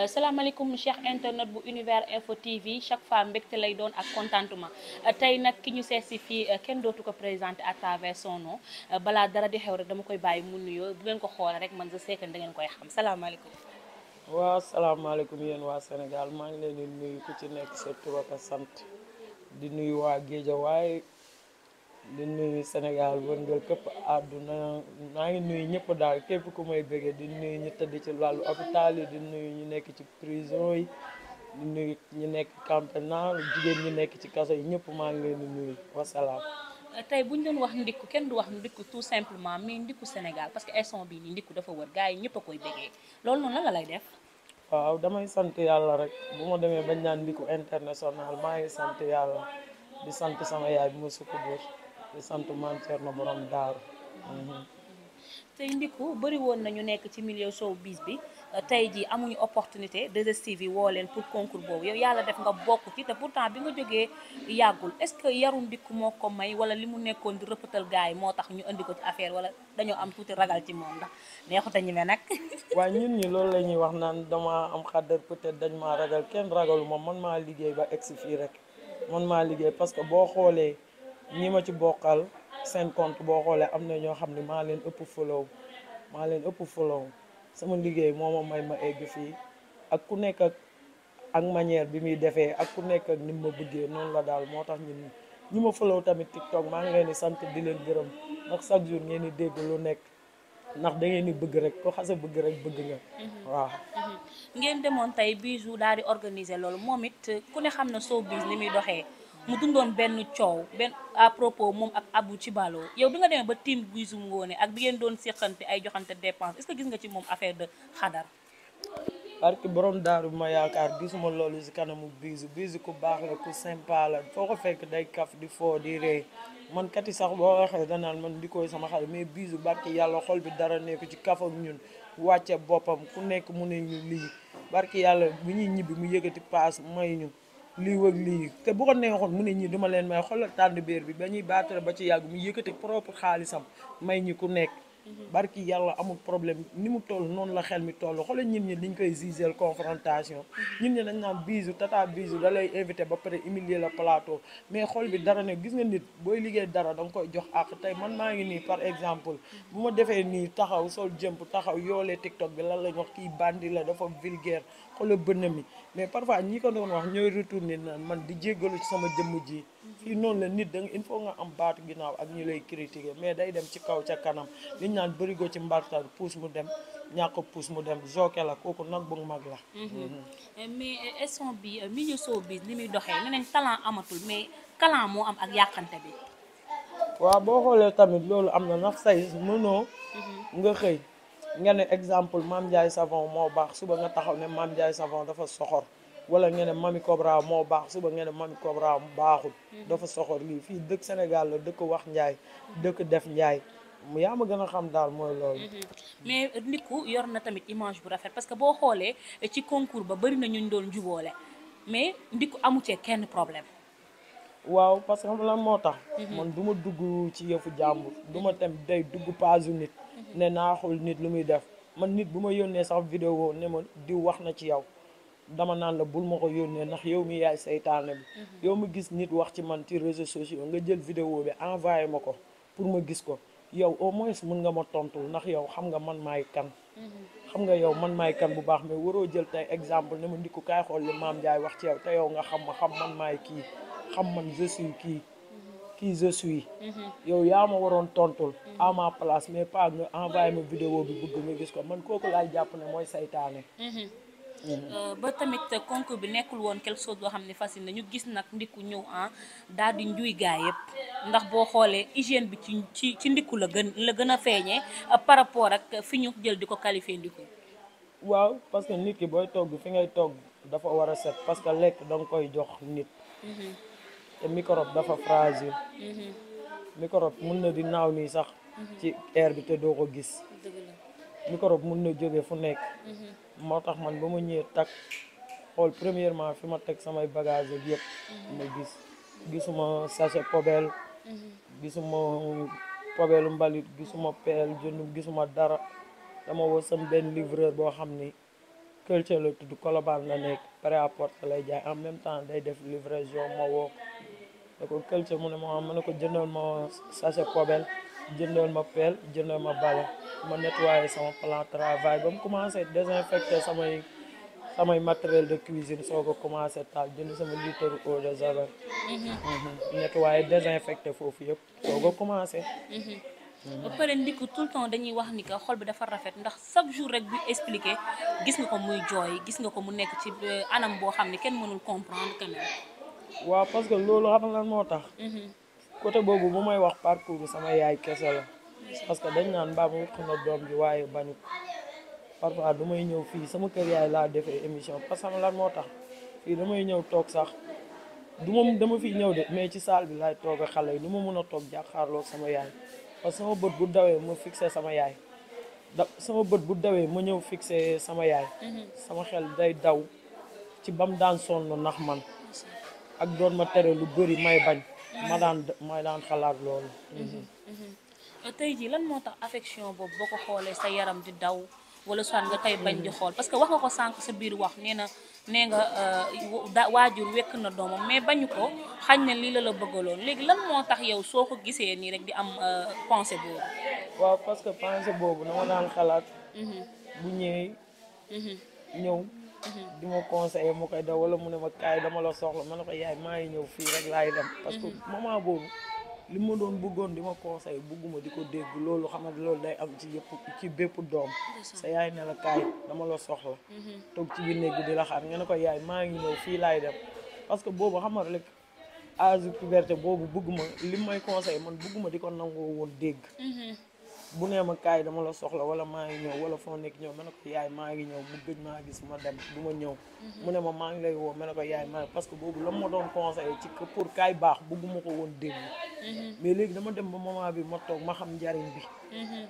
Euh, salaamaaleykum cheikh internet bu univers info tv chaque fois mbégte lay doon ak ma euh, tey nag ki ñu sees si fii euh, kenn dootu ko présenté à travers son balaa dara di xew rek dama koy bàyyi mu nuyoo bu ngeen ko xoolee rek man je sais que da ngeen koy xam salaamaaleykum waaw salaamaaleykum yéen waa Sénégal maa ngi leen di nuyu ku ci nekk sa tur ak sant di nuyu waa Géejawaay di nuyu Sénégal wërngal këpp àdduna maa ngi nuyu ñëpp daal képp ku may bëggee di nuyu ñu tëdd ci wàllu hôpital yi di nuyu ñu nekk ci prison yi di nuyu ñu nekk camp pénal jigéen ñu nekk ci kaso yi ñëpp maa ngi leen di nuyu wasalaam. tey bu ñu doon wax ndikku kenn du wax ndikku tout simplement mais ndikku Sénégal parce que instant bii nii ndikku dafa wër gars yi ñëpp a koy bëggee loolu noonu la nga lay def. waaw damay sant yàlla rek bu ma demee bañ naan ndikku international maa sant yàlla di sant sama yaay bi ma sukkandiku. di sant maam Thierno borom daaru mm-hmm. tey Ndickou bëri nañu nekk ci milieu showbiz bi tey jii amuñu opportunité 2STV woo leen pour concours boobu yow yàlla def nga bokk ci te pourtant bi nga jógee yàggul est-ce que yaru Ndickou moo ko may wala li mu nekkoon di rëppatal gars yi moo tax ñu indi ko ci affaire wala dañu am tuuti ragal ci moom ndax neexut a ñeme nag. waaye ñun ñi loolu la ñuy wax naan damaa am xàddar peut-être dañ maa ragal kenn ragalu ma man maa liggéey ba egsi rek ñi ma ci bokkal seen compte boo xoolee am na ñoo xam ne maa leen ëpp follow maa leen ëpp follow sama liggéey moo ma may ma egg fii ak ku nekk ak manière bi muy defee ak ku nekk ak ni ma bëggee noonu la daal moo tax ñun ñi ma follow tamit TikTok maa ngi leen di sant di leen gërëm ndax chaque jour ngeen di dégg lu nekk ndax da ngeen di bëgg rek ko xase bëgg rek bëgg nga. Mhm. waaw. Mhm. ngeen demoon tey Bijou daal di organiser loolu moom it ku ne xam na soo ni muy doxee. mu dundoon benn coow benn à moom ak Abou ci Balo yow bi nga demee ba team Guisu Ngoné ak bi ngeen doon séqante ay joxante dépense est-ce que gis nga ci moom affaire de xadar parce que borom bi ma yaakaar gisuma loolu si kanamu biisu biisu ku baax la ku sympa la foo ko fekk day kaf di foo di rey man kati sax boo waxee danaan man di koy sama xale mais biisu barki yàlla xol bi dara nekk ci kaf ak ñun wàcce boppam ku nekk mu ne ñu lii barki yàlla bu ñuy ñibbi mu yëgati paas may ñu lii wëg lii te bu ko neexoon mu ne ñi duma leen may xoolal tànn béer bi ba ñuy baatale ba ci yàgg mu yëkkati propre xaalisam may ñi ku nekk Mhm. barki yàlla amul problème ni mu toll noonu la xel mi toll xoolal ñun ñi ñu koy giseel confrontation ñun mhm. ñi dañ naan bisu tata bisu da lay invité ba pare humilier la plateau mais xol bi dara ne gis nga nit booy liggéey dara da nga koy jox ak tey man maa ngi nii par exemple bu ma defee nii taxaw sol jëmp taxaw yoolee TikTok bi lan lañ wax kii bandi la dafa vulgaire xoolal bënn mi mais parfois ñi ko doon wax ñooy retourner naan man di jéggalu ci sama jëmm ji fii noonu la nit da nga nga am baatu ginnaaw ak ñu lay critiquer mais day dem ci kaw ca kanam liñ naan bërigo ci mbartal puus mu dem ñàkk puus mu dem joke la kooku nag bu mag la. Mhm. Eh, mais eh, instant bi eh, milieu showbiz li muy doxee nee nañ talent amatul mais talent moo am ak yàqante bi. waaw boo xoolee tamit loolu am na ndax say mënoo. Mhm. nga xëy nga ne exemple maam Ndiaye Savon moo baax suba nga taxaw ne Mame Ndiaye Savon dafa soxor. wala ngeen ne mami Cobra moo baax suba ngeen ne mami Cobra baaxul. Mm-hmm. dafa soxor lii fii dëkk Sénégal la dëkk wax njaay dëkk def njaay yaa ma gën a xam daal mooy loolu. Mm-hmm. mais euh, Ndickou yor na tamit image bu rafet parce que boo xoolee euh, ci concours ba bëri na ñu doon juboole mais Ndickou amu cee kenn problème. waaw parce que xam moo tax. Mm-hmm. man du ma dugg ci yëfu jàmbur. du ma dem day dugg paasu nit. ne naa nit lu muy def man nit bu ma yónnee sax vidéo ne ma diw wax na ci yow. dama naan la bul ma ko yónnee ndax yow mi yaay seytaane bi mhm. yow ma gis nit wax ci man ci réseaux sociaux nga jël vidéo bi envoyé ma ko pour ma gis ko yow au moins mën nga ma tontul ndax yow xam nga man maay kan mhm. xam nga yow man maay kan bu baax mais waroo jël tey exemple ne ma ndikku kaay xool li maam Ndiaye wax ci yow te yow nga xam ma xam man maay kii xam man je suis kii mhm. kii je suis yow yaa ma waroon tontul à ma place mais pas nga envoyé ma vidéo bi bëgg nga gis ko man kooku laay jàpp ne mooy seytaane Euh, ba tamit concours bi nekkul woon quelque chose boo xam ne facile na ñu gis nag ndikku ñëw ah daal di njuy gaa yëpp ndax boo xoolee hygiène bi ci ci ci ndikku la gën la gën a feeñee euh, par rapport ak fi ñu jël di ko qualifier ndikku waaw parce que nit ki booy togg fi ngay togg dafa war a set parce que lekk danga koy jox nit mhm. te microbe dafa fragile mhm. microbe mun na di naaw nii sax mhm. ci air bi te doo ko gis microbe mun na jóge fu nekk moo tax man ba ma ñëwee takk xool premièrement fi ma teg samay bagage ak yëpp ma gis gisuma sachet poubelle gisuma poubelle mbalit gisuma peel jënd gisuma dara dama woo sam benn livreur boo xam ni culture la tudd Colobane la nekk prêt-à-porter lay jaay en même temps day def livraison ma woo ne ko culture mu ne ma ma ne ko jëndal ma sachet poubelle jëndal ma pelle jëndal ma bale ma nettoyé sama plan travail ba mu commencé désinfecté samay samay matériel de cuisine soo ko commencé taal jënd sama litre eau de javel mhm. mhm. nettoyé désinfecté foofu yëpp soo ko commencé mhm. ba pare ndikk tout le temps dañuy wax ni que xol bi dafa rafet ndax chaque jour rek bi expliqué gis nga ko muy jooy gis nga ko mu nekk ci euh, anam boo xam ne kenn mënul comprendre quand même waaw parce que loolu xam lan moo tax côté boobu bu may wax parcours bi sama yaay kese la parce que dañ naan mbaam wëq na doom bi waaye bañu parfois du may ñëw fii sama kër yaay laa defee émission parce que xam lan moo tax fii damay ñëw toog sax du ma dama fiy ñëw de mais ci salle bi laay toog ak xale ma mën a toog jàkkaarloog sama yaay parce que sama bët bu dawee ma fixé sama yaay da sama bët bu dawee ma ñëw fixé sama yaay mhm. sama xel day daw ci bam daan sonn nax man ak doon ma tere lu bëri may bañ ma daan ma daan xalaat loolu. Mhm, mhm. tey jii lan moo tax affection boobu boo ko xoolee sa yaram di daw wala soit nga koy bañ di mhm. xool parce que wax nga ko sànq sa biir wax nee na nee nga euh, waajur wekk na doomam mais bañu ko xañ na lii la la bëggaloon léegi lan moo tax yow soo ko gisee nii rek di am euh, pensée boobu. waaw parce que pensée boobu dama daan xalaat. bu ñëw. Mm-hmm. di ma conseil ma koy daw wala mu ne ma kaay dama la soxla ma ne ko yaay maa ngi ñëw fii rek laay dem. Mm-hmm. parce que moment boobu li ma doon bëggoon di ma conseiller bëgguma di ko dégg loolu xam loolu day am ci yëpp ci bépp doom. sa yaay ne la kaay dama la soxla. Mm-hmm. toog ci néeg bi di la xaar nga ne ko maa ngi fii laay dem parce que boobu xam nga rek âge puberté boobu bëgguma li may conseiller man bëgguma di ko nangoo woon dégg. bu nee ma kaay dama la soxla wala maa ngi ñëw wala foo nekk ñëw ma ne ko yaay maa ngi ñëw mu gëj maa gis ma dem du ma ñëw mhm. mu ne ma maa ngi lay woo ma ne ko yaay maa parce que boobu la ma doon conseillé ci pour kaay baax bëgguma ko woon dégg mhm. mais léegi dama dem ba moment bi ma toog ma xam njariñ bi mhm.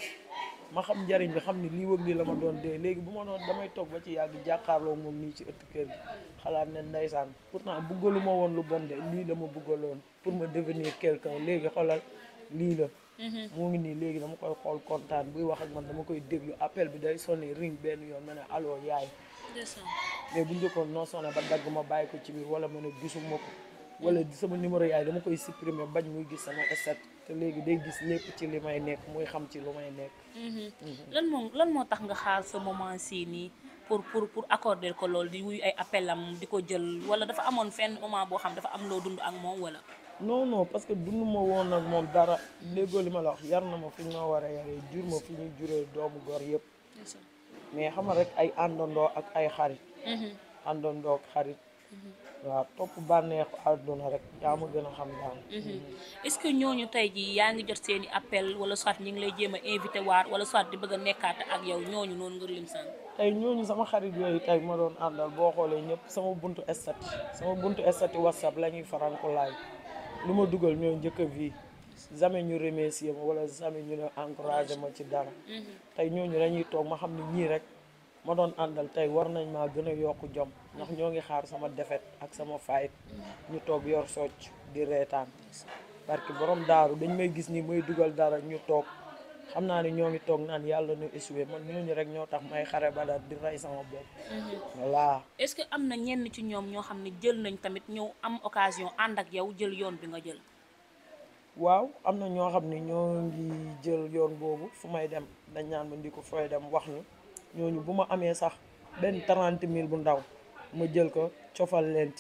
ma xam njariñ bi xam ni lii wëg lii la ma doon dee léegi bu ma doon damay toog ba ci yàgg jàkkaarloo moom nii ci ëtt kër gi xalaat ne ndaysaan pourtant bëggalu ma woon lu bon de lii dama ma loon pour ma devenir quelqu'un léegi xolal lii la moo mm-hmm. ngi nii léegi dama koy xool kontaan buy wax ak man dama koy déglu appel bi day sonné ring benn yoon ma ne allo yaay. mais bu njëkkoon noo sonné ba dagg ma bàyyi ko ci biir wala ma ne gisuma ko wala sama numéro yaay dama koy supprimer bañ muy gis sama état te léegi day gis lépp ci li may nekk muy xam ci lu may nekk. Mm-hmm. Mm-hmm. lan moo lan moo tax nga xaar sa moment sii nii. pour pour pour accorder ko loolu di wuyu ay appel am di ko jël wala dafa amoon fenn moment boo xam dafa am loo dund am moom wala. non non parce que dund woon ak moom dara léegoo li ma la wax yar na ma fi ñu war a yaree jur ma fi ñuy juree doomu gor yëpp. mais xamal rek ay àndandoo ak ay xarit. Mm-hmm. àndandoo ak xarit. Mm-hmm. waaw topp bànneexu àdduna rek yaa ma gën a xam daal. Mm-hmm. est-ce que ñooñu tey jii yaa ngi jot seen i wala soit ñu ngi lay jéem a invité waat wala soit di bëgg nekkaat ak yow ñooñu noonu nga tey ñooñu sama xarit yooyu tey ma doon àndal boo xoolee ñëpp sama buntu estati sama buntu estati whatsapp la ñuy faral ko laaj lu ma dugal ñooy njëkk a vie jamais ñu remercier ma wala jamais ñu ne encouragé ma ci dara mhm. tey ñooñu lañuy toog ma xam ne ñii rek ma doon àndal tey war nañ maa gën a yokk jom ndox ñoo ngi xaar sama defet ak sama fayit mhm. ñu toog yor socc di reetaan parce borom daaru dañ may gis ni may dugal dara ñu toog xam naa ni ñoo ngi toog naan yàlla nu échoué man ñooñu rek ñoo tax may xare ba daal di rey sama bopp. Mhm. voilà. est-ce que am na ñenn ci ñoom ñoo xam ne jël nañ tamit ñëw am occasion ànd ak yow jël yoon bi nga jël. waaw am na ñoo xam ne ñoo ngi jël yoon boobu fu may dem dañ naan ma ndi ko fooy dem wax ñu ñooñu bu ma amee sax benn trente mille bu ndaw ma jël ko cofal leen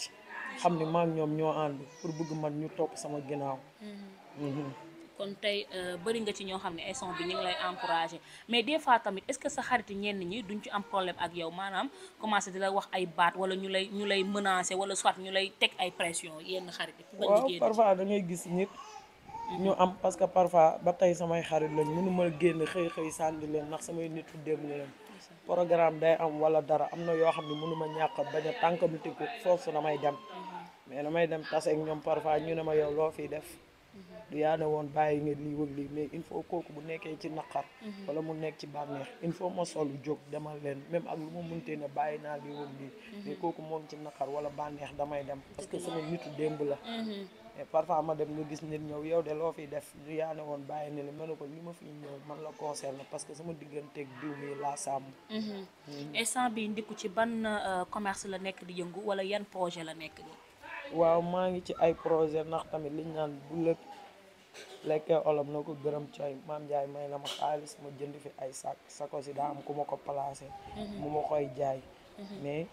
xam ne maa ñoom ñoo ànd pour bugg man ñu topp sama ginnaaw. Mhm. Mhm. kon tey euh, bëri nga ci ñoo xam ne instant bi ñu ngi lay encouragé mais des fois tamit est-ce que sa xarit ñenn ñi duñ ci am problème ak yow maanaam commencé di la wax ay baat wala ñu lay ñu lay menacé wala soit ñu lay teg ay pression yenn xarit yi. waaw parfois da ngay gis nit. Mm-hmm. ñu am parce que parfois ba tey samay xarit lañ mënu ma génn xëy xëy sànni leen ndax samay nit fu démb leen. programme day am wala dara am na yoo xam ne mënuma ma ñàkk bañ a tànk foofu na may damay dem. Mm-hmm. mais damay dem tase ak ñoom parfois ñu ne ma yow loo fiy def. du yaa ne woon bàyyi nga lii wëg lii mais il faut kooku bu nekkee ci naqar mhm. wala mu nekk ci bànneex il faut ma solu jóg demal leen même ak lu ma mëntee ne bàyyi naa lii wëg lii mhm. kooku moom ci naqar wala bànneex damay dem parce que sama nitu démb la mais mhm. ma dem nga gis nit ñëw yow de loo fi def du yaa woon bàyyi ne la ma ne ko li ma fi ñëw man la concerne parce que sama digganteeg diw mii laa sàmm instant bi ndikku ci ban euh, commerce la nekk di yëngu wala yan projet la nekk di waaw maa ngi ci ay projet ndax tamit liñ naan bu lëkk lekkee olom na ko gërëm ci ay maam Njaay may na ma xaalis ma jënd fi ay sac sako si daa am ku ma ko placé mhm. mu ma koy jaay mhm. mais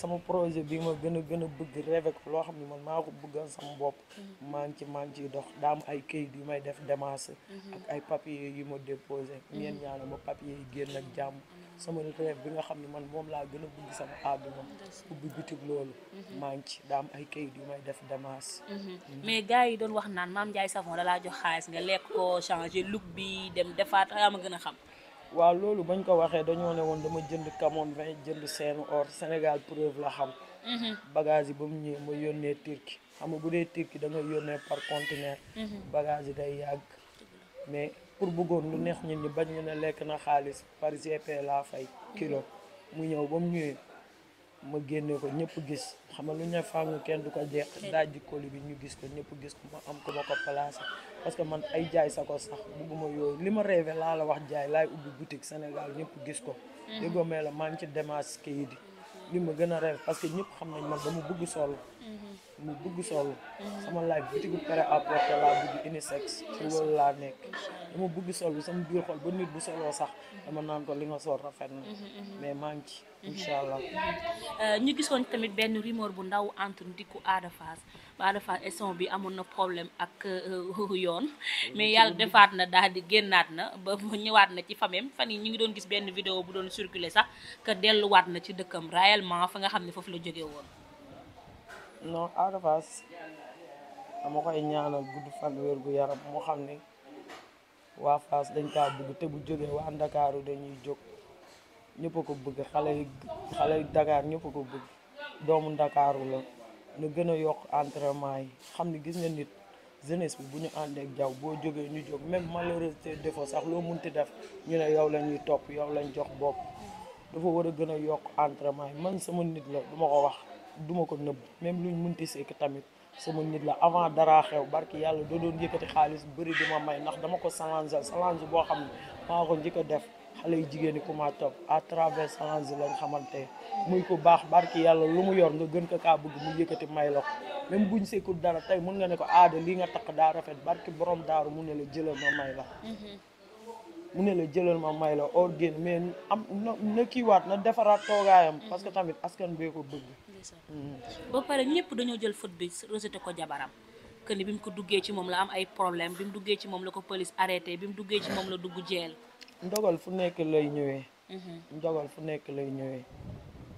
sama projet bi ma gën a gën a bëgg rêvé loo xam ne man maa ko bëggal sama bopp mhm. maa ci maa ngi ciy dox daa am ay kayit yu may def démarche ak ay papier yu ma déposé ngeen ñaanal ma papier yi génn ak jàmm sama relève bi nga xam ne man moom laa gën a bëgg sama àdduna ubbi bitig loolu mhm. maa ngi ci daa am ay kayit yu may def damas mhm. Mhm. mais gars yi doon wax naan Mame Ndiaye Savon da laa jox xaalis nga lekk ko changé look bi dem defaat ma gën a xam waaw loolu bañ ko waxee dañoo ne woon dama jënd kamoon vingt jënd seenu or Sénégal preuve la xam bagage yi ba mu ñëwee ma yónnee Turquie xam nga bu dee Turquie da nga par conteneur bagage yi day yàgg pour bëggoon lu neex ñun ni bañ ñu ne lekk na xaalis par GP laa fay kilo mu ñëw ba mu ñëwee ma génne ko ñëpp gis xam nga lu ñu fàngu kenn du ko jeex daaj koli bi ñu gis ko ñëpp gis ko ma am ko ma ko placé parce que man ay jaay sa ko sax bugguma yooyu li ma rêvé laa la wax jaay laay ubbi boutique Sénégal ñëpp gis ko mm-hmm. déggoo mee la maa ngi ci démasqué yi li ma gën a reer parce que xam nañ man dama bëgg sol mu bëgg sol mm-hmm. mm-hmm. sama live bitigu prêt à porter laa bëgg unisex ci loolu laa nekk dama bëgg sol bi sama biir xol ba nit bu soloo sax mm-hmm. dama naan ko li nga sol rafet na mais maa ngi ci incha allah euh, ñu gisoon tamit benn rumeur bu ndaw entre Ndickou aada fas Ada Fass émission bi amoon na problème ak euh, yoon mais yàlla defaat na daal di génnaat na ba ñëwaat na ci famem fan yi ñu ngi doon gis benn video bu doon circuler sax que delluwaat na ci dëkkam réellement fa nga xam ne foofu la jóge woon non Ada Fass dama koy ñaanal gudd fan wér gu yaram moo xam ne waa fas dañ kaa bëgg te bu jógee waa Ndakaaru dañuy jóg ñëpp a ko bëgg xale yi xale yi Dakar ñëpp ko bëgg doomu Ndakaaru la na gën a yokk entraînement yi xam ne gis nga nit jeunesse bi bu ñu àndeek ak jaww boo jógee ñu jóg même malheureusement défaut sax loo mun ti def ñu ne yow la ñuy topp yow lañ jox bopp dafa war a gën a yokk entraînement yi man sama nit la duma ko wax duma ko nëbb même luñ ti sekk tamit sama nit la avant dara xew barki yàlla doo doon yëkkati xaalis bëri dima may ndax dama ko challenge challenge boo xam ne maa ko njëkk a def xale yu jigéen ñi ku topp à travers Salange lañ xamante muy ko baax barki yàlla lu mu yor nga gën ko kaa bugg mu yëkkati may la ko même buñ sekkul dara tey mun nga ne ko aada lii nga takk daa rafet barki borom daaru mu ne la jëlal ma may la mhm. mu ne la jëlal ma may la or génn mais am na na kiiwaat na defaraat toogaayam mhm. parce que tamit askan bee ko dugg mhm. ba pare ñëpp dañoo jël foot bi rejeté ko jabaram que ni bi mu ko duggee ci moom la am ay problème bi mu duggee ci moom la ko police arrêté bi mu duggee ci la dugg jeel ndogal fu nekk lay ñëwee. Mhm. ndogal fu nekk lay ñëwee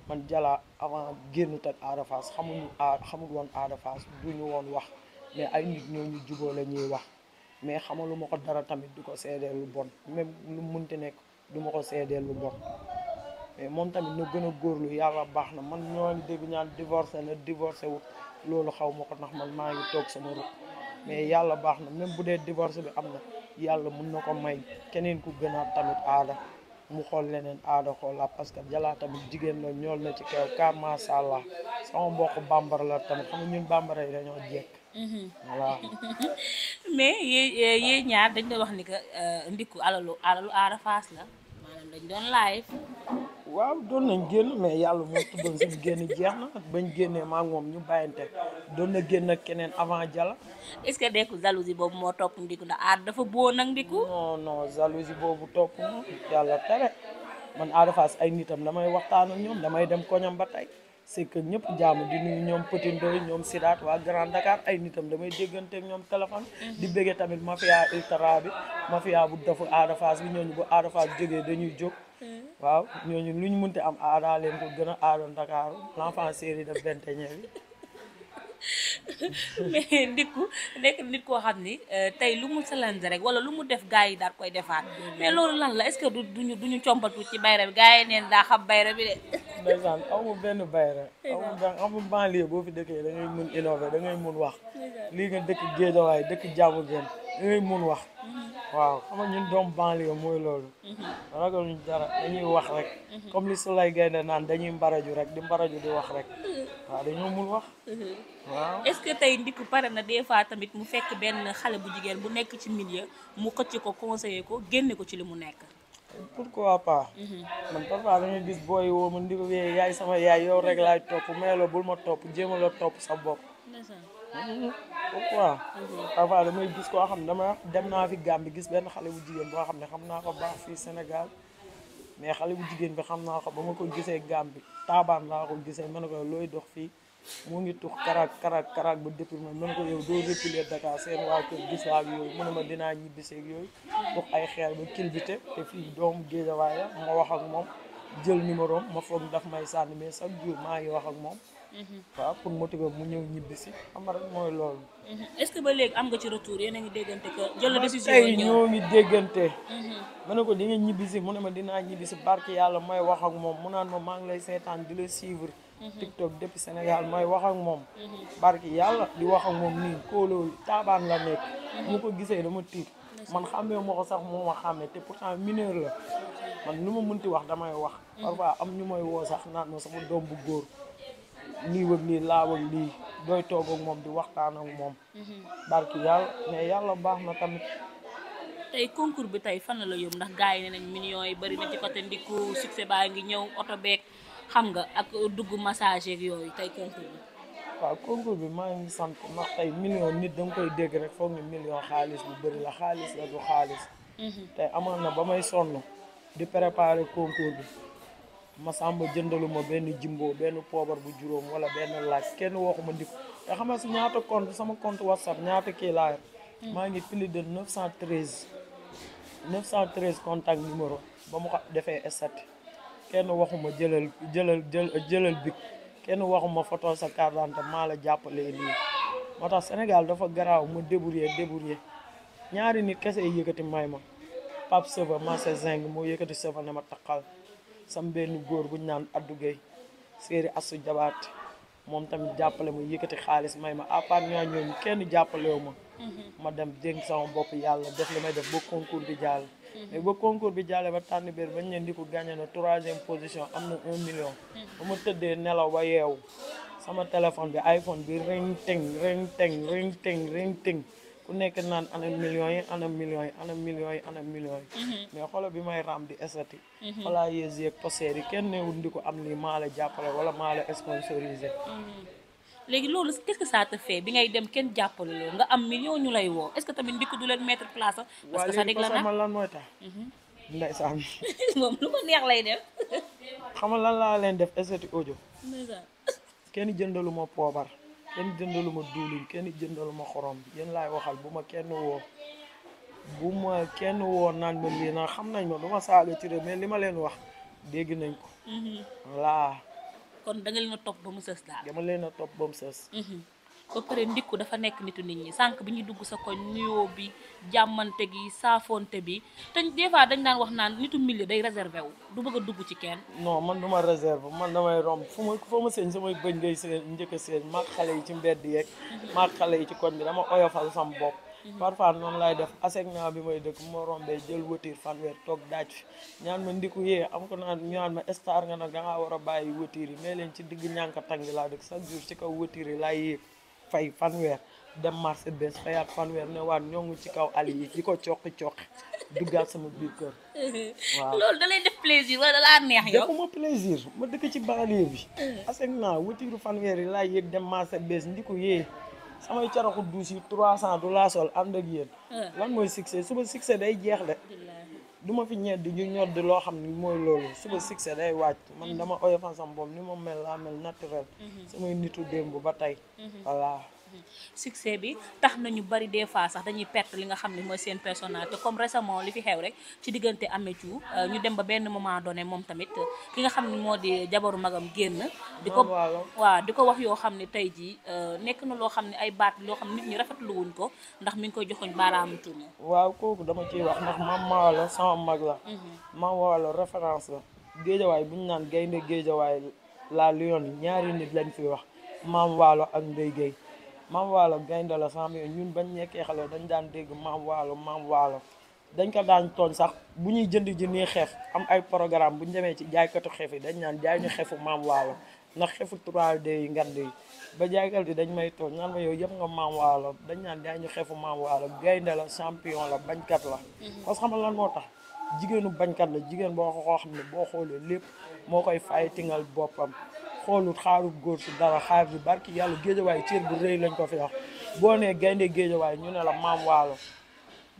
man jala avant génn tag Ada Fass xamuñu xamul woon Ada duñu woon wax mais ay nit ñoo ñu juboo la ñuy wax mais xamalu ma ko dara tamit du ko seedeel bon même lu munti nekk du ma ko seedeel lu bon mais moom tamit nu gën a góorlu yàlla baax na man ñoo dégg ñaan divorcé na divorcé wu loolu xaw ma ko ndax man maa ngi toog sama rut mais yàlla baax na même bu dee divorce bi am na yàlla mun na ko may keneen ku gënaat tamit aada mu xool leneen aada xoolaat parce que jalaa tamit jigéen la ñool na ci kaw car macha allah sama mbokk bambara la tamit xam nga ñun bambara yi dañoo jekk voilà mais yee yee ñaar dañ doon wax ni que euh, ndikku alalu aada faas la maanaam dañ doon live waaw doon nañ génn mais yàlla moo tuddoon suñu génn jeex na bañ génnee maa moom ñu bàyyante doon na génn ak keneen avant jala est-ce que dekku jalousie boobu moo topp ndiku ndax aar dafa boo nag ndiku non non boobu topp ma yàlla man Ada ay nitam damay waxtaanu ak ñoom damay dem koñam ba tey c'est que ñëpp jaamu di nuyu ñoom Petit Ndoy ñoom Sidaat waa Grand Dakar ay nitam damay déggante ak ñoom téléphone. Mhm. di bëggee tamit mafia ultra bi mafia bu dafa Ada Fass bi ñooñu bu Ada Fass jógee dañuy jóg. Mhm. waaw ñooñu lu ñu munti am aadaa leen ko gën a aadoon Dakar l'enfant série de vingt et un bi mais ndikku nekk nit koo xam ni euh, tey lu mu salange rek wala lu mu def gars yi daal koy defaat mais loolu lan la est-ce que du duñu duñu compatu ci bayra bi gars yi neen daa xam bayra bi de ndeysaan benn bayra amul benn amul banlieue boo fi dëkkee da ngay mun innover da mun wax lii nga dëkk géejawaay dëkk jàmm gën yooyu mun wax waaw xam nga ñun doom banlieue mooy loolu mhm. ragaluñ dara dañuy wax rek mhm. comme li su lay gaynde naan dañuy mbaraju rek di mbaraju di wax rek mhm. waaw dañoo mun wax waaw est-ce que tey ndikk pare na des fois tamit mu fekk benn xale bu jigéen bu nekk ci milieu mu xëcc ko conseiller ko génne ko ci li mu nekk pourquoi pas man parfois dañuy gis booy woo ma Ndickou yee eh, yaay sama yaay yow rek laay topp melo bul ma topp jéem a topp sa bopp ko quoi. parfois damay gis koo xam ne dama dem naa fi Gambie gis benn xale bu jigéen boo xam ne xam naa ko baax fii senegal mais xale bu jigéen bi xam naa ko ba ma ko gisee Gambie taabaan laa ko gisee ma looy dox fii mu ngi tux karak karak karak ba déprimé ma ne ko yow doo reculer Dakar seen waa kër gis laa ak yooyu mu ne ma dinaa ñibbiseeg yooyu dox ay xeer ba kilbite te fii doomu Géejawaay la ma wax ak moom jël numéro ma foog daf may sànni mais chaque jour maa ngi wax ak moom. Mhm. waaw pour motiver mu ñëw ñibbisi xam nga mooy loolu. Mhm. est-ce que ba léegi am nga ci retour yéen ngi déggante que jël la décision tey ñoo ngi déggante mhm. ma ne ko di ñibbisi mu ne ma dinaa ñibbisi barke yàlla may wax ak moom mu naan ma maa ngi lay seetaan di la suivre mhm. tiktok depuis Sénégal mooy wax ak moom barke yàlla di wax ak moom nii kóolóolu taabaan la nekk mu ko gisee dama tiit man xàmmee moo ko sax moo ma xàmmee te pourtant mineur la man lu ma mënti wax damay wax parfois am ñu may woo sax naan ma sama doom bu góor lii wëg lii laa wëg lii dooy toog moom di waxtaan ak moom. Mhm. barki yàlla mais yàlla baax na tamit. tey concours bi tey fan la la yóbbu ndax gars yi ne nañ millions yi bëri na ci côté Ndikku succès baa ngi ñëw oto beeg xam nga ak dugg massage ak yooyu tey concours bi. waaw concours bi maa ngi sant ndax tey million nit da koy dégg rek foog ni million xaalis bu bëri la xaalis la du xaalis. Mhm. tey amoon na ba may sonn di préparer concours bi. Masamba jëndaluma benn jimbo benn poobar bu juróom wala benn laaj kenn waxuma ndik te xam nga si ñaata compte sama compte whatsapp ñaata kii laa hmm. maa ngi plus de 913 913 contact numéro ba mu ko defee stat kenn waxuma jëlal jëlal jëlal bic kenn waxuma photo sa carte d'identité maa la jàppale nii moo tax Sénégal dafa garaaw ma débrouiller débrouiller ñaari nit kese yëkkati may ma Pape Seba Massé Zeng moo yëkkati Seba ne ma taqal sam benn góor bu ñu naan addu gay séeri asu jabaate moom tamit jàppale ma yëkkati xaalis may ma à part ñaa ñooñu kenn jàppalewu ma mhm. ma dem dénk sama bopp yàlla def li may def ba concours bi jàll mhm. mais ba concours bi jàllee ba tànn biir bañ leen di ko gagné na troisième position am na un million mhm. ba ma tëddee nelaw ba yeewu sama téléphone bi iPhone bi ring ting ring ting ring ting ring ting ku nekk naan ana millions yi ana millions yi ana millions yi ana millions yi mhm. mais xoolal bi may raam di esati mhm. xoolaa yées yeeg posteer yi kenn newul di ko am lii maa la jàppale wala maa la sponsorisé mhm. léegi loolu quest que ça te fait bi ngay dem kenn jàppale loolu nga am million ñu lay woo est que tamit ndikk du leen mettre place parce que sax dëgg la mooy tax ndeysaan moom lu ko neex lay def xamal lan laa leen def esati audio kenn jëndalu ma poobar kenn jëndalu ma kenn jëndalu ma xorom bi yéen laay waxal bu ma kenn woo bu ma kenn woo naan ma lii naan xam nañ ma du ma saaga ci réew mais li ma leen wax dégg nañ ko. Mhm. voilà. kon da nga leen topp ba mu sës daal. dama leen a topp ba sës. Mhm. ba pare ndikku dafa nekk nitu nit ñi sànq bi ñuy dugg sa koñ nuyoo bi jàmmante gi saafonte bi te des dañ daan wax naan nitu milieu day réservé wu du bëgg a dugg ci kenn. non man du ma réserve man damay romb fu ma fu ma seen samay bëñ day seen njëkk a seen xale yi ci mbedd yeeg. maag xale yi ci koñ bi dama oyofal sam bopp. Mhm. parfois noonu laay def asegna bi may dëkk moo rombee jël fan fanweer toog daaj fi ñaan ma ndiku yee am ko naan ñaan ma star nga nag dangaa war a bàyyi wëtiir yi mais leen ci digg ñànka tang laa dëkk chaque jour ci kaw wëtiir yi laay yéeg fay fanweer dem marché bés fayaat fanweer ne waat ñoo ci kaw ali di ko coqi coqi duggaat sama biir kër. loolu da def plaisir wala da laa neex yow. defuma plaisir ma dëkk ci banlieue bi. Mm. aseeg naa wutiiru fanweer yi laay yëg dem marché bés ndi ko samay caraxu duus yi 300 du laa sol ànd ak yéen. Mm. lan mooy succès suba succès day jeex de. du ma fi ñedd ñu ñodd loo xam ne mooy loolu suba succès day wàcc man mhm. dama oyofan sam boobu ni ma mel laa mel naturel mhm. samay nitu démb ba tey mhm. voilà succès bi tax na ñu bari dee fois sax dañuy perte li nga xam ne mooy seen personnalité comme récemment li fi xew rek ci diggante Amethou euh, ñu dem ba benn moment donné moom tamit euh, ki nga xam ne moo di jabaru magam génn di ko waaw di ko wax yoo xam ne tey jii euh, nekk na loo xam ne ay baat loo xam ne nit ñi rafetlu ko ndax mi ngi koy joxoñ baaraamu tuuma waaw kooku dama ciy wax mam maa sama mag la mhm. mam waa la référence la bu ñu naan gaynde géejawaay la lion ñaari nit lañ fi wax maam waalo ak ndey géey maam waalo gaynde la sax ñun bañ nekkee xale dañ daan dégg maam waalo maam waalo dañ ko daan tooñ sax bu ñuy jënd ji nii xeef am ay programme bu ñu demee ci jaaykatu xeef yi dañ naan jaay ñu xeefu maam waalo na xefu 3D yi ngand yi ba jaaykat yi dañ may tooñ naan ma yow yëpp nga maam waalo dañ naan jaay ñu xeefu maam waalo gaynde la champion la bañkat la mhm. parce que xam lan moo tax jigéenu bañkat la jigéen boo ko xam ne boo xoolee lépp moo koy fay tingal boppam xoolul xaaru góor si dara xaar bi barki yàlla géejawaay cër bu rëy lañ ko fi wax boo nee gaynde géejawaay ñu ne la maam waalo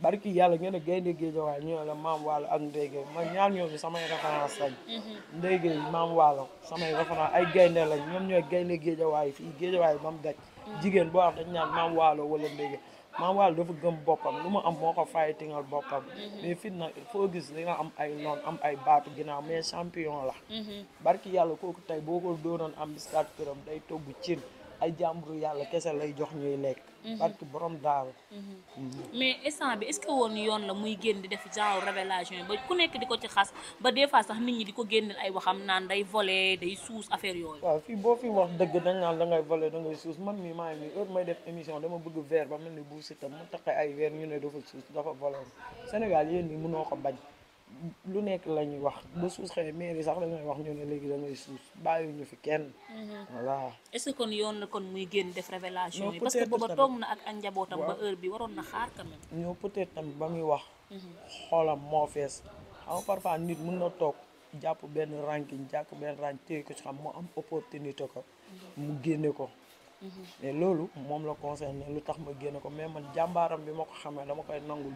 barki yàlla nga ne gaynde géejawaay ñu ne la maam waalo ak Ndeye Gueye ñaan ñaar ñooñu sama référence lañ mhm. Ndeye Gueye maam waalo sama référence ay gaynde lañ ñoom ñooy gaynde géejawaay fii géejawaay ba mu daj mhm. jigéen boo wax dañ ñaan maam waalo wala Ndeye Mame Wally dafa gëm boppam lu ma am moo ko fightingal boppam mm-hmm. mais fit nag foo gis li nga am ay noon am ay baatu ginnaaw mais champion la mm-hmm. barki yàlla kooku tey boo ko doonoon am stade këram day togg cin ay jàmbur yàlla kese lay jox ñuy lekk parce mhm. que borom daaru mhm. mais instant bi est-ce que woon yoon la muy génn di def genre révélation yi ba ku nekk di ko ci xas ba des fois sax nit ñi di ko génneel ay waxam naan day volé day suus affaire yooyu. waaw fii boo fi wax dëgg dañ naan da ngay volé da ngay suus man mii maa ngi nii heure may def émission dama bëgg verre ba mel ni bu si tam mu taqee ay verre ñu ne dafa suus dafa volé Sénégal yéen ñi ko bañ. lu nekk la ñuy wax ah. ba suus xëy mairie sax dañuy wax ñu ne léegi da ngay suus bàyyi ñu fi kenn. waaw mhm. est-ce que kon yoon la kon muy génn def révélation yi. parce que booba toog na ak njabootam ba heure bi waroon na xaar quand même. ñoo peut-être tamit ba muy wax. Mhm. xoolam moo fees xam parfois nit mën na toog jàpp benn ranking jàpp benn rank téye ko ci xam mu am opportunité ko. mu génne ko. Mhm. loolu moom la concerné lu tax ma génne ko mais man jàmbaaram bi ma ko xamee dama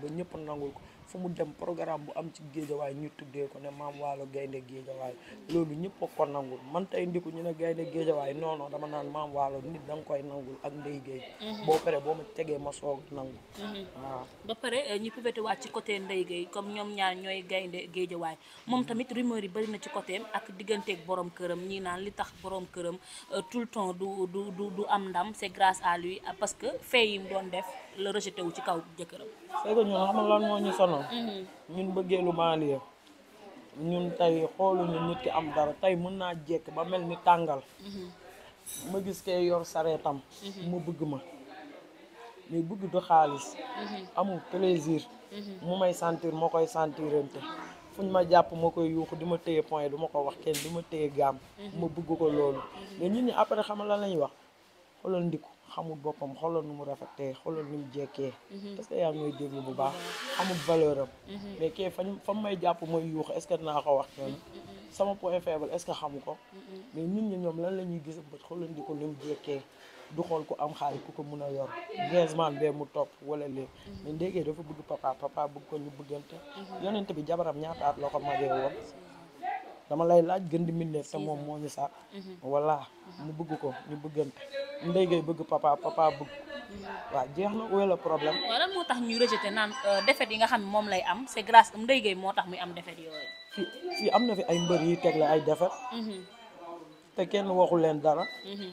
ba ñëpp nangul ko. fu mu dem programme bu am ci géejawaay ñu tuddee ko ne maam waalo gaynde géejawaay loolu ñëpp a ko nangul man tey ndiku ñu ne gaynde géejawaay non non dama naan maam waalo nit da nga koy nangul ak ndey mhm. boo paree boo ma tegee ma soog nangu mhm. waaw ba pare eh, ñi pivété waat ci côté ndey géej comme ñoom ñaar ñooy gaynde géejawaay moom tamit rumeur yi bari na ci côté ak digganteeg borom këram ñii naan li tax borom këram eh, tout le temps du du du am ndam c'est grâce à lui parce que fee mu doon def la rejeté ci kaw jëkkëram. c'est que ñun xam lan moo ñu sonal. Mhm. ñun bëggeelu banlieue ñun tey xooluñu nit ki am dara tey mën naa jekk ba mel ni tàngal. Mhm. ma gis kee yor sareetam. Mhm. mu bëgg ma mais bëgg du xaalis. amul plaisir. mu may sentir moo koy sentirante fuñ ma jàpp ma koy yuuxu di ma téye point du ma ko wax kenn du ma téye gaam. ma bëgg ko loolu. mais ñun ñi après xam la lañuy wax xoolal ndiku. xamul boppam xoolal nu mu rafetee xoolal nu mu jekkee parce mhm. que yaa ngi may bu baax xamul valeur am mhm. mais kii fa fa may jàpp mooy yuux est ce que ko wax noonu mhm, sama point faible est e que xamu ko mais nit ñi ñoom lan la ñuy gis bët xoolal di ko nu mu jekkee du xool ku am xaalis ku ko mun a yor gaiseman bee mu topp wala léegi mais ndéggee dafa bëgg papa papa bëgg ko ñu bëggante yonent bi jabaram ñaata at loo ko magee woon dama lay laaj gën di mbindeef te moom moo ñu sax voilà mu bëgg ko ñu bëggante Ndeye bëgg papa papa bëgg waaw jeex na wala problème. waaw lan moo tax ñuy rejeté naan euh, défaite yi nga xam ne moom lay am c'est grâce am Ndeye moo tax muy am défaite yooyu. fii fii am na fi ay mbër yi teg la ay défaite. Mhm. te kenn waxu leen dara. Mhm.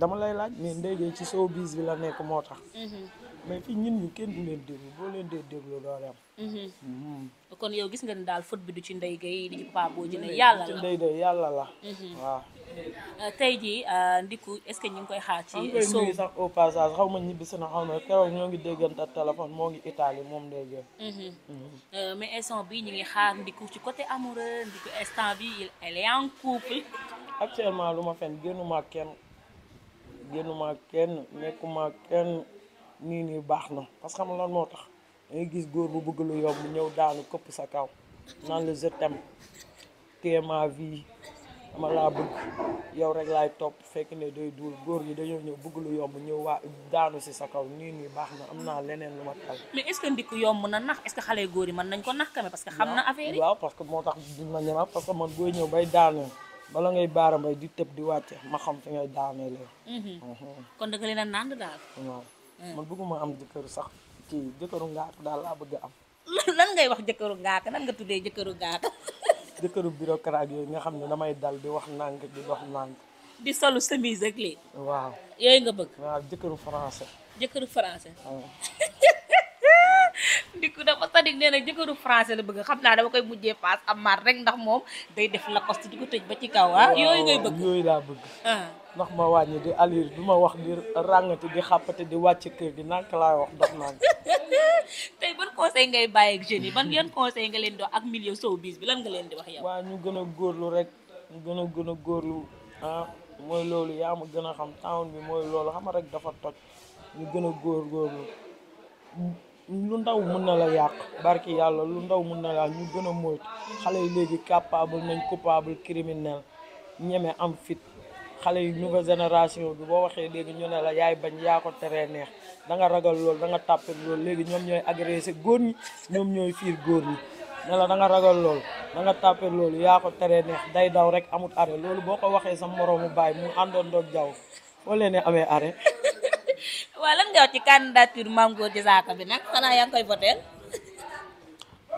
dama lay laaj mais Ndeye Gueye ci showbiz bi la nekk moo tax. Mhm. mais fii ñun ñu kenn du leen déglu boo leen dee déglu doo dem. Mm-hmm. Mm-hmm. kon yow gis nga ni daal foot bi du ci ndey gay di ci paa boo jëlee yàlla la yàlla la mm-hmm. waaw euh, tey jii euh, Ndickou est-ce que ñu ngi koy xaar ci sow sax au passage xaw ma ñibbi sana xaw ma keroog ñoo ngi déggante téléphone moo ngi Italie moom day gën euh, mais instant bi ñu ngi xaar Ndickou ci côté amoureux Ndickou instant bi elle actuellement lu ma fen ma kenn ma kenn nekkuma kenn nii nii baax na parce que xam moo tax dangay gis góor bu bëgg lu yomb ñëw daanu këpp sa kaw naan la je t'aime téye ma vie dama laa bëgg yow rek laay topp fekk ne day duul góor gi dañoo ñëw bëgg lu yomb ñëw waa daanu si sa kaw nii nii baax na am naa leneen lu ma tal mais est ce que ndikk yomb na nax est ce que xale góor yi man nañ ko nax kame parce que xam na affaire yi parce que moo tax duñ ma ñema parce man booy ñëw bay daanoo bala ngay baara mbay di tëb di wàcce ma xam fi ngay daanee leen mhm. Mhm. kon da leen a nànd daal waaw mm. man bëgguma am jëkkër sax kii jëkkëru ngaak daal laa bëgg am. lan ngay wax jëkkëru ngaak nan nga tuddee jëkkëru ngaak. jëkkëru bureaucrate yooyu nga xam ne damay dal di wax nànk di dox nànk. di solu chemise ak lii. waaw yooyu nga bëgg. waaw jëkkëru français. jëkkëru français. Malick nee na jëkkëru français la bëgg xam naa dama koy mujjee paas am maar rek ndax moom day def lacoste di ko tëj ba ci kaw ah yooyu ngay bëgg yooyu laa bëgg ah. ndax ma wàññi di alir du ma wax di ràngati di xàppate di wàcc kër gi nank laay wax dox naa tey ban conseil ngay bàyyi ak jeunes yi ban yan conseil nga leen di wax ak milieu showbiz bi leen di wax yow waaw ñu gën a góorlu rek ñu gën a gën a góorlu ah mooy loolu yaa ma gën a xam town bi mooy loolu xam rek dafa toj ñu gën a góor góorlu lu ndaw mun na la yàq barki yàlla lu ndaw mun na la ñu gën a moytu xale yi léegi capable nañ coupable criminel ñeme am fit xale yi nouvelle génération bi boo waxee léegi ñu ne la yaay bañ yaa ko tere neex da nga ragal lool danga nga tàppit léegi ñoom ñooy agressé góor ñoom ñooy góor ñi ne da nga ragal lool da nga tàppit loolu yaa ko teree neex day daw rek amut arrêt loolu boo ko waxee sa moroomu baay mu àndoon doog jaww foo leen amee arrêt waaw lan nga wax ci candidature Mame Goor Diazaka bi nag xanaa yaa ngi koy voté.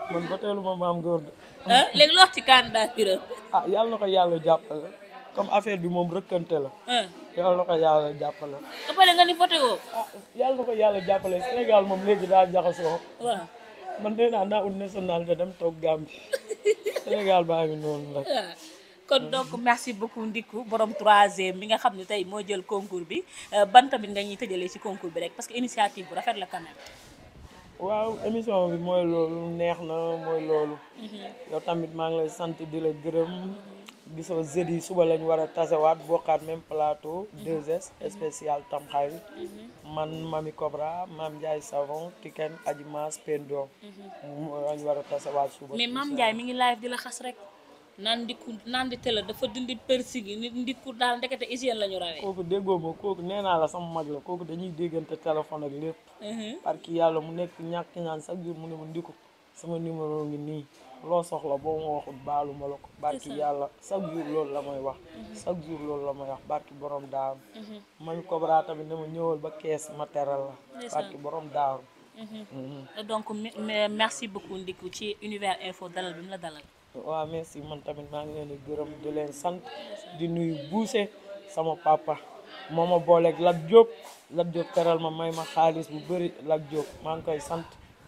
man voté ma Mame Goor de. léegi loo wax ci candidature ah yàlla na ko yàlla jàppale comme affaire bi moom rëkkante la. yàlla na ko yàlla jàppale. ëppale ah, ko yàlla jàppale Sénégal moom léegi daa jaxasoo. man nee naa naa ut nationalité dem toog Gambie Sénégal baa ngi noonu rek. kon donc merci beaucoup Ndiku borom troisième bi nga xam ne tey moo jël concours bi euh, ban tamit nga ñuy tëjalee ci concours bi rek parce que initiative bu rafet la quand waaw émission bi mooy loolu neex na mooy loolu. Mhm. yow tamit maa ngi lay sant di la gërëm. gisoo jeudi suba lañ war a tasewaat bokkaat même plateau. 2S mhm. mhm. spécial Tamxarit. man Mami Cobra Mame Ndiaye Savon Tiken Adji Mass Pendo. lañ war a tasewaat suba. mais Mame Ndiaye mi ngi live di la xas rek. naan ndikku naan di dafa dindi persi gi nit ndikku daal ndekete hygiène la ñu rawee kooku déggoo ma kooku nee naa la sama mag la kooku dañuy déggante téléphone ak lépp uh-huh. parce yàlla mu nekk ñàkk ñaan chaque jour mu ne ma ndikku sama numéro ngi nii loo soxla boo ma waxut baalu la ko barki yàlla chaque jour loolu la may wax uh-huh. chaque jour loolu la may wax barki borom daaru uh-huh. man Cobra tamit dama ñëwal ba kees matériel la barki borom daaru mm-hmm. donc merci beaucoup Ndickou ci univers info bi mu la dalal waaw merci man tamit maa ngi leen di gërëm di leen sant di nuyu buuse sama papa moo ma booleeg Lat Diop Lat Diop teral ma may ma xaalis bu bëri Lat Diop maa ngi koy sant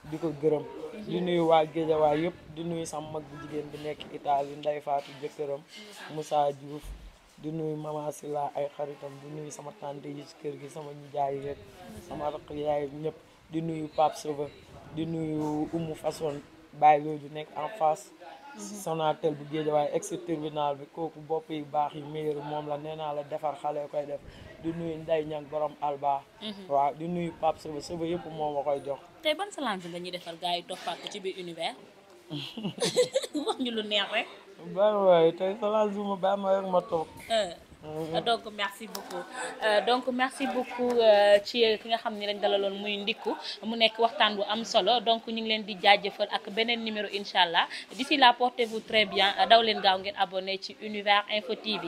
di ko gërëm di nuyu waa Géejawaay yëpp di nuyu sama mag bu jigéen bi nekk Italie Ndeye Fatou jëkkëram Moussa Diouf di nuyu mama Sila ay xaritam di nuyu sama tante yi kër gi sama nijaay rek sama rakk yaay ñëpp di nuyu Pape di nuyu Oumou façon bàyyi loolu nekk en face Sonatel bu Guédiawaye ex tribunal bi kooku bopp yu baax yi meilleur moom la nee naa la defar xale koy def di nuyu Ndeye Niang borom alba mhm. waaw di nuyu Pape Seba Seba yëpp moom la koy jox. tey ban challenge la ñuy defal gars yi toppaat ko ci biir univers. wax ñu lu neex rek. baax waaye tey challenge bu ma baax ma rek ma toog. Euh. Euh, donc merci beaucoup euh, donc merci beaucoup euh, ci ki nga xam ni lañ dalaloon muy ndikku mu nekk waxtaan bu am solo donc ñu ngi leen di jaajëfal ak beneen numéro incha allah d'ici là portez-vous très bien daw leen gaaw ngeen abonné ci Univers Info TV